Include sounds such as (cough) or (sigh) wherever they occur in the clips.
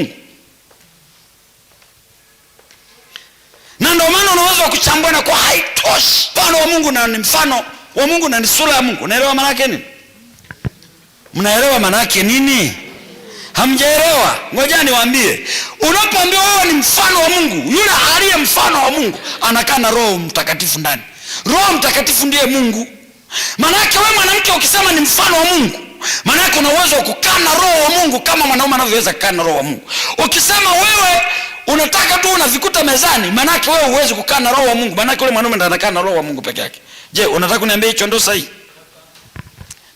Mungu, na ndio maana unaweza kuchambua na kwa haitoshi. Mfano wa Mungu na ni mfano wa Mungu na ni sura ya Mungu. Unaelewa maana yake nini? Mnaelewa maana yake nini? Hamjaelewa? Ngoja niwaambie. unapoambia wewe ni mfano wa Mungu, yule aliye mfano wa Mungu anakaa na Roho Mtakatifu ndani. Roho Mtakatifu ndiye Mungu. Maana yake wewe mwanamke ukisema ni mfano wa Mungu Maanake una uwezo wa kukaa na roho wa Mungu kama mwanaume anavyoweza kukaa na roho wa Mungu. Ukisema wewe unataka tu unavikuta mezani, maanake wewe huwezi kukaa na roho wa Mungu, maanake ule mwanaume ndiye anakaa na roho wa Mungu peke yake. Je, unataka kuniambia hicho ndo sahii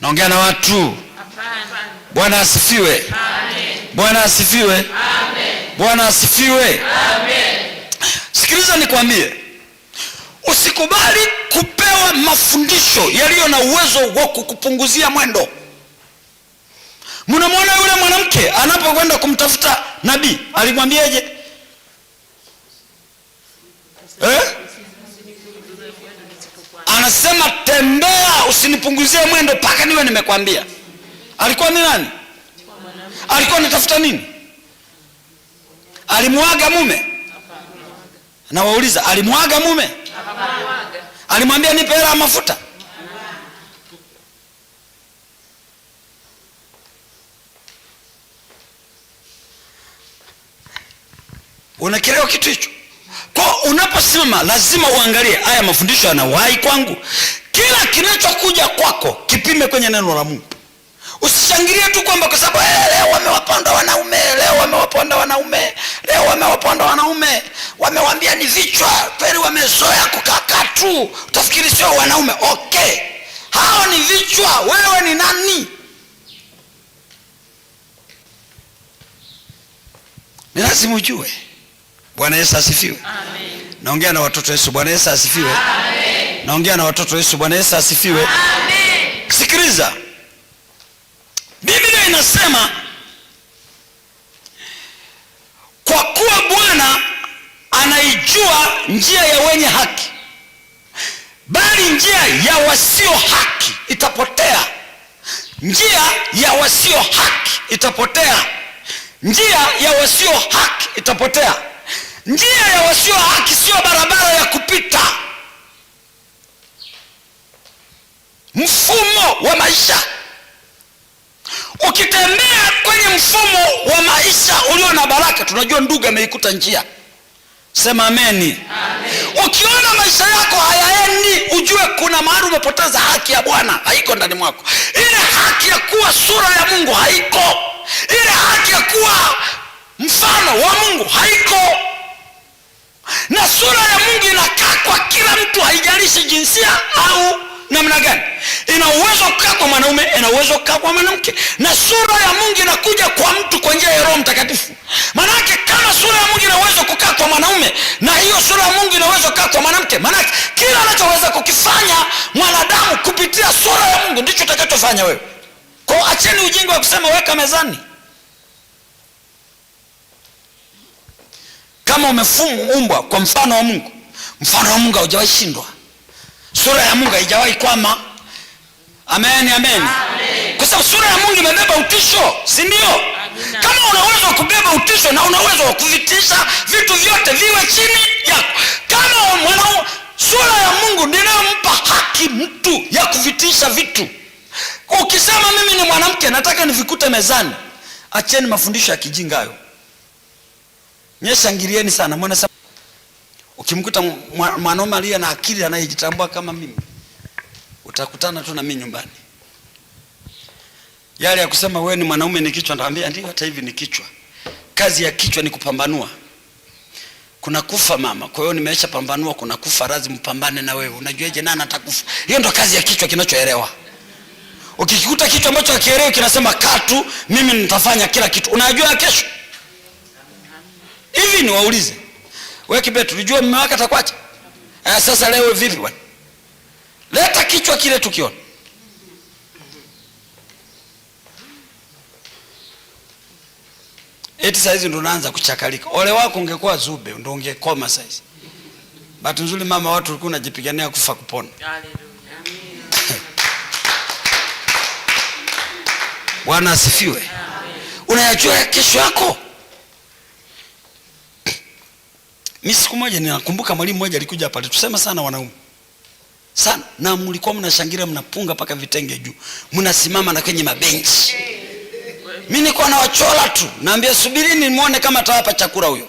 Naongea na watu. Bwana asifiwe. Bwana asifiwe. Bwana asifiwe. Sikiliza nikwambie, usikubali kupewa mafundisho yaliyo na uwezo wa kukupunguzia mwendo mnamwona yule mwanamke anapokwenda kumtafuta nabii alimwambiaje eh? anasema tembea usinipunguzie mwendo mpaka niwe nimekwambia alikuwa ni nani alikuwa anatafuta nini alimwaga mume nawauliza alimwaga mume alimwambia nipe hela mafuta unakielewa kitu hicho? Kwa unaposimama lazima uangalie haya mafundisho yanawahi kwangu. Kila kinachokuja kwako kipime kwenye neno la Mungu. Usishangilie tu kwamba kwa sababu hey, eh, leo wamewaponda wanaume, leo wamewaponda wanaume, leo wamewaponda wanaume, wamewambia ni vichwa kweli, wamezoea kukakaa tu, utafikiri sio wanaume. Okay, hao ni vichwa, wewe ni nani? Ni lazima ujue Bwana Yesu asifiwe. Amen. Naongea na watoto Yesu. Bwana Yesu asifiwe. Amen. Naongea na watoto Yesu. Bwana Yesu asifiwe. Amen. Sikiliza, Biblia inasema kwa kuwa Bwana anaijua njia ya wenye haki, bali njia ya wasio haki itapotea. Njia ya wasio haki itapotea. Njia ya wasio haki itapotea. Njia ya wasio haki sio barabara ya kupita. Mfumo wa maisha, ukitembea kwenye mfumo wa maisha ulio na baraka, tunajua ndugu ameikuta njia. Sema ameni. Amen. Ukiona maisha yako hayaendi, ujue kuna mahali umepoteza haki ya Bwana, haiko ndani mwako. Ile haki ya kuwa sura ya Mungu haiko, ile haki ya kuwa mfano wa Mungu haiko. mtu, haijalishi jinsia au namna gani. Ina uwezo kukaa kwa mwanaume, ina uwezo kukaa kwa mwanamke, na sura ya Mungu inakuja kwa mtu kwa njia ya Roho Mtakatifu. Maanake kama sura ya Mungu inaweza kukaa kwa mwanaume na hiyo sura ya Mungu inaweza kukaa kwa mwanamke, maanake kila anachoweza kukifanya mwanadamu kupitia sura ya Mungu ndicho utakachofanya wewe. Kwa acheni ujinga wa kusema weka mezani. Kama umefumu umbwa kwa mfano wa Mungu Mfano wa Mungu haujawahi shindwa, sura ya Mungu haijawahi kwama. Amen, amen, kwa sababu sura ya Mungu imebeba utisho, si ndio? Kama una uwezo wa kubeba utisho na una uwezo wa kuvitisha vitu vyote viwe chini yako, kama mwana sura ya Mungu ninayompa haki mtu ya kuvitisha vitu. Ukisema mimi ni mwanamke, nataka nivikute mezani, acheni mafundisho ya kijinga hayo, nyeshangilieni sana mwana Ukimkuta mwanaume aliye na akili anayejitambua kama mimi, utakutana tu na mimi nyumbani. Yale ya kusema wewe ni mwanaume ni kichwa, nitakwambia ndio, hata hivi ni kichwa. Kazi ya kichwa ni kupambanua. Kuna kufa mama, kwa hiyo nimeisha pambanua. Kuna kufa, lazima mpambane na wewe. Unajuaje nani atakufa? Hiyo ndo kazi ya kichwa kinachoelewa. Ukikikuta kichwa ambacho hakielewi kinasema katu, mimi nitafanya kila kitu, unajua kesho hivi. Niwaulize, wewe Kibet, tulijua mume wake atakwacha. Eh, sasa leo vipi bwana? Leta kichwa kile tukiona Eti saizi ndo naanza kuchakalika. Ole wako ungekuwa zube ndo ungekoma saizi. Bahati nzuri mama, watu walikuwa unajipigania kufa kupona. (laughs) Bwana asifiwe. Unayajua kesho yako. Mimi siku moja ninakumbuka mwalimu mmoja alikuja hapa, alitusema sana wanaume sana, na mlikuwa mnashangilia mnapunga mpaka vitenge juu, mnasimama na kwenye mabenchi. Mimi nilikuwa nawachola tu, naambia subirini muone kama atawapa chakula huyo.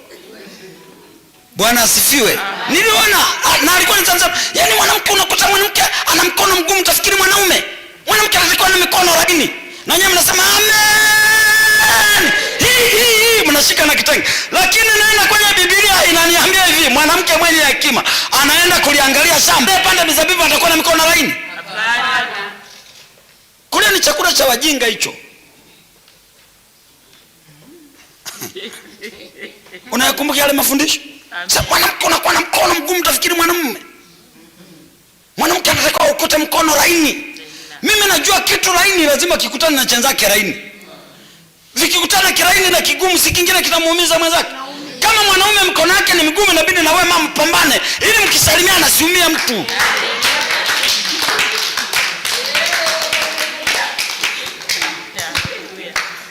Bwana asifiwe. Niliona ah, na alikuwa ni Tanzania. Yaani mwanamke unakuta mwanamke ana mkono mgumu tafikiri mwanaume. Mwanamke alikuwa na mikono lakini na nyewe mnasema amen. Hii hii hii mnashika na kitenge. Lakini mjinga mwenye hekima anaenda kuliangalia shamba, panda mizabibu atakuwa na mikono laini? Kule ni chakula cha wajinga hicho. Unayakumbuka yale mafundisho? Mwanamke unakuwa na mkono mgumu, tafikiri mwanamume. Mwanamke anatakiwa ukute mkono laini. Mimi najua kitu laini lazima kikutane na chenzake laini, vikikutana kiraini na kigumu, si kingine kinamuumiza mwenzake ukiona mwanaume mkono wake ni mgumu inabidi nawe mama mpambane ili mkisalimia anasiumia mtu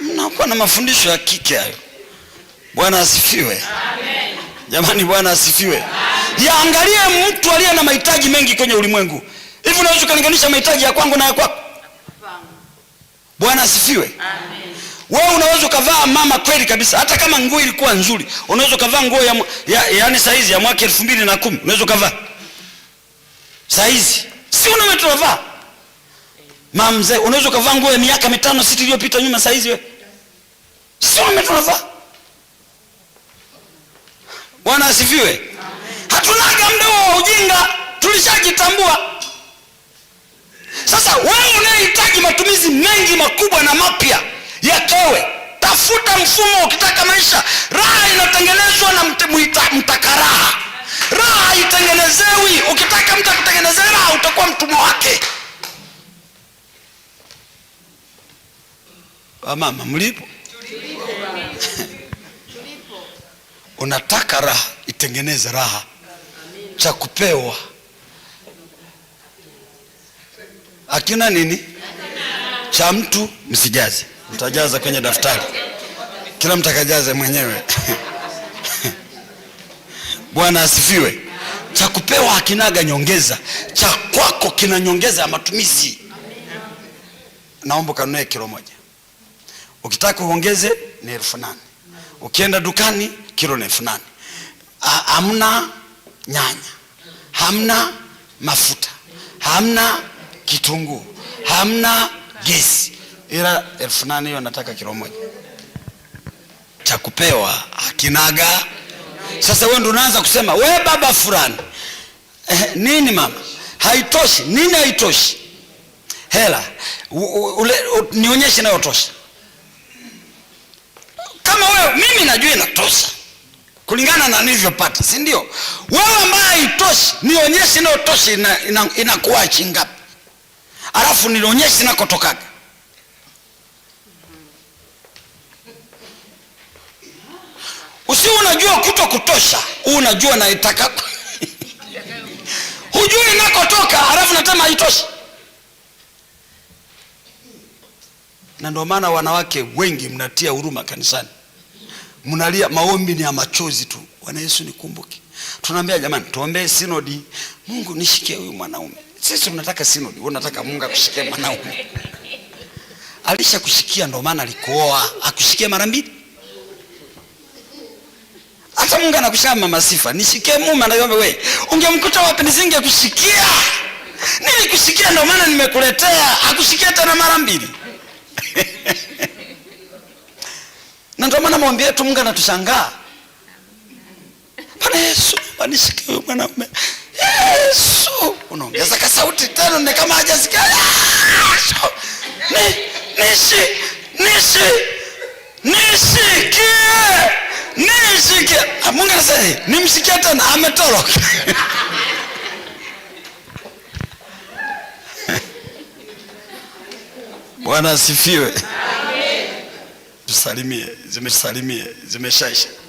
mnakuwa na mafundisho ya kike hayo bwana asifiwe jamani bwana asifiwe yaangalie mtu aliye na mahitaji mengi kwenye ulimwengu hivi unaweza ukalinganisha mahitaji ya kwangu na ya kwako bwana asifiwe Amen wewe unaweza ukavaa mama kweli kabisa, hata kama nguo ilikuwa nzuri, unaweza ukavaa nguo ya, ya, yaani saizi ya mwaka elfu mbili na kumi unaweza ukavaa saizi, si unawe tunavaa mamzee, unaweza ukavaa nguo ya miaka mitano sita iliyopita nyuma saizi, we si unawe tunavaa. Bwana asifiwe. Hatunaga mdomo wa ujinga, tulishajitambua. Sasa wewe unayehitaji matumizi mengi makubwa na mapya yatowe. Tafuta mfumo ukitaka maisha. Raha inatengenezwa na mtakaraha. Raha haitengenezewi. Ukitaka mtu akutengenezee raha, utakuwa mtumwa wake. Wamama mlipo (laughs) unataka raha, itengeneze raha cha kupewa akina nini cha mtu msijazi mtajaza kwenye daftari, kila mtakajaze mwenyewe (laughs) Bwana asifiwe. Cha kupewa hakinaga nyongeza, cha kwako kina nyongeza ya matumizi. Naomba kanunue kilo moja, ukitaka uongeze ni elfu nane ukienda dukani kilo ni elfu nane Hamna nyanya, hamna mafuta, hamna kitunguu, hamna gesi ila elfu nane hiyo nataka kilo moja cha kupewa akinaga. Sasa wewe ndo unaanza kusema we baba fulani eh, nini mama haitoshi nini, haitoshi hela nionyeshe inayotosha. Kama wewe mimi najua inatosha kulingana na nilivyopata, si ndio? Wewe ambaye haitoshi nionyeshe inayotosha, inakuwa ina, ina, chingapi Alafu nionyeshe inakotokaga usiwe unajua kuto kutosha, huu unajua naitaka (laughs) hujui inakotoka, halafu natema haitoshi. Na ndio maana wanawake wengi mnatia huruma kanisani, mnalia maombi ni ya machozi tu, Bwana Yesu nikumbuke. Tunaambia jamani, tuombee sinodi, Mungu nishikie huyu mwanaume. Sisi tunataka sinodi, wewe unataka Mungu akushikie mwanaume (laughs) alishakushikia, ndio maana alikuoa, akushikie mara mbili Mungu anakushama masifa. Nishikie mume anaomba wewe. Ungemkuta wapi nisinge kushikia? nisingekushikia? kushikia ndio maana nimekuletea. Akushikia tena mara mbili. (laughs) Na ndio maana mwambie tu Mungu anatushangaa. Bwana Yesu, anishikie mwanaume. Yesu, unaongeza ka sauti tena ni kama hajasikia. Yesu. Ni, nishi, nishi. Nishikie. Nishikie. Mungase nimsikia tena ametoroka. (laughs) Bwana asifiwe. Tusalimie, zimesalimie, zimeshaisha.